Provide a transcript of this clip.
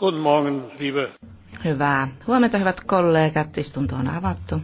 Guten Morgen, liebe. Hyvää huomenta, hyvät kollegat. Istunto on avattu.